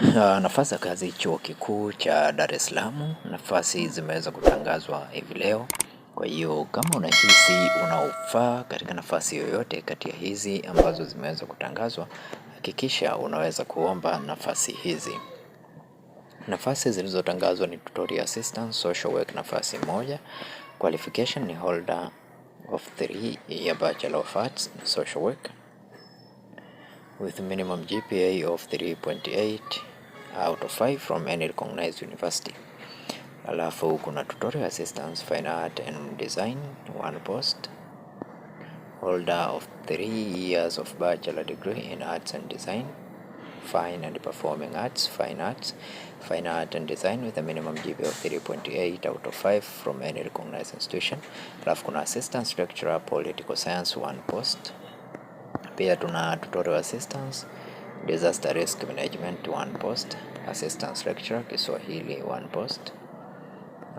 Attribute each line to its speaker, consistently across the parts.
Speaker 1: Ah, nafasi ya kazi chuo kikuu cha Dar es Salaam, nafasi zimeweza kutangazwa hivi leo. Kwa hiyo kama unahisi unaofaa katika nafasi yoyote kati ya hizi ambazo zimeweza kutangazwa, hakikisha unaweza kuomba nafasi hizi. Nafasi zilizotangazwa ni tutorial assistant, social work nafasi moja, qualification ni holder of 3 ya bachelor of arts social work with minimum GPA of 3.8 out of 5 from any recognized university. Alafu kuna tutorial assistance, fine art and design, one post. Holder of three years of bachelor degree in arts and design, fine and performing arts, fine arts, fine art and design with a minimum GPA of 3.8 out of 5 from any recognized institution. Alafu kuna assistance lecturer, political science, one post. Pia tuna tutorial assistance, disaster risk management one post, assistance lecture Kiswahili one post.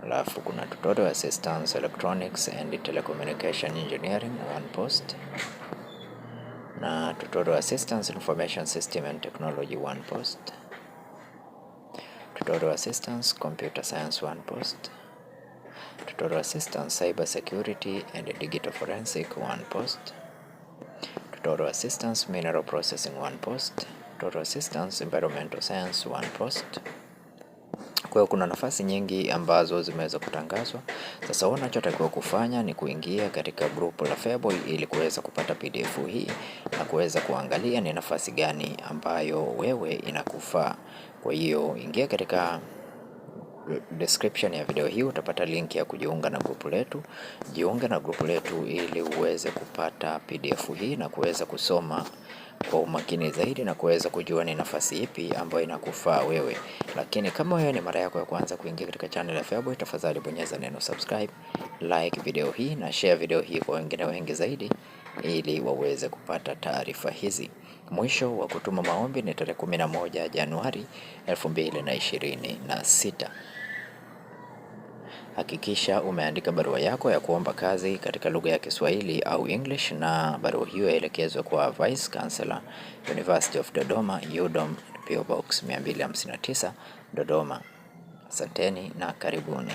Speaker 1: Alafu kuna tutorial assistance electronics and telecommunication engineering one post na tutorial assistance information system and technology one post, tutorial assistance computer science one post, tutorial assistance cyber security and digital forensic one post total assistance mineral processing one post, total assistance environmental science one post. Kwa kuna nafasi nyingi ambazo zimeweza kutangazwa. Sasa unachotakiwa kufanya ni kuingia katika grupu la Feaboy ili kuweza kupata PDF hii na kuweza kuangalia ni nafasi gani ambayo wewe inakufaa. Kwa hiyo ingia katika description ya video hii utapata link ya kujiunga na grupu letu. Jiunge na grupu letu ili uweze kupata PDF hii na kuweza kusoma kwa umakini zaidi na kuweza kujua ni nafasi ipi ambayo inakufaa wewe. Lakini kama wewe ni mara yako ya kwanza kuingia katika channel ya Feaboy, tafadhali bonyeza neno subscribe, like video hii na share video hii kwa wengine wengi zaidi ili waweze kupata taarifa hizi. Mwisho wa kutuma maombi ni tarehe 11 Januari 2026. Hakikisha umeandika barua yako ya kuomba kazi katika lugha ya Kiswahili au English na barua hiyo yaelekezwe kwa Vice Chancellor, University of Dodoma, UDOM, PO Box 259, Dodoma. Asanteni na karibuni.